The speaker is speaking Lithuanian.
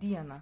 dieną.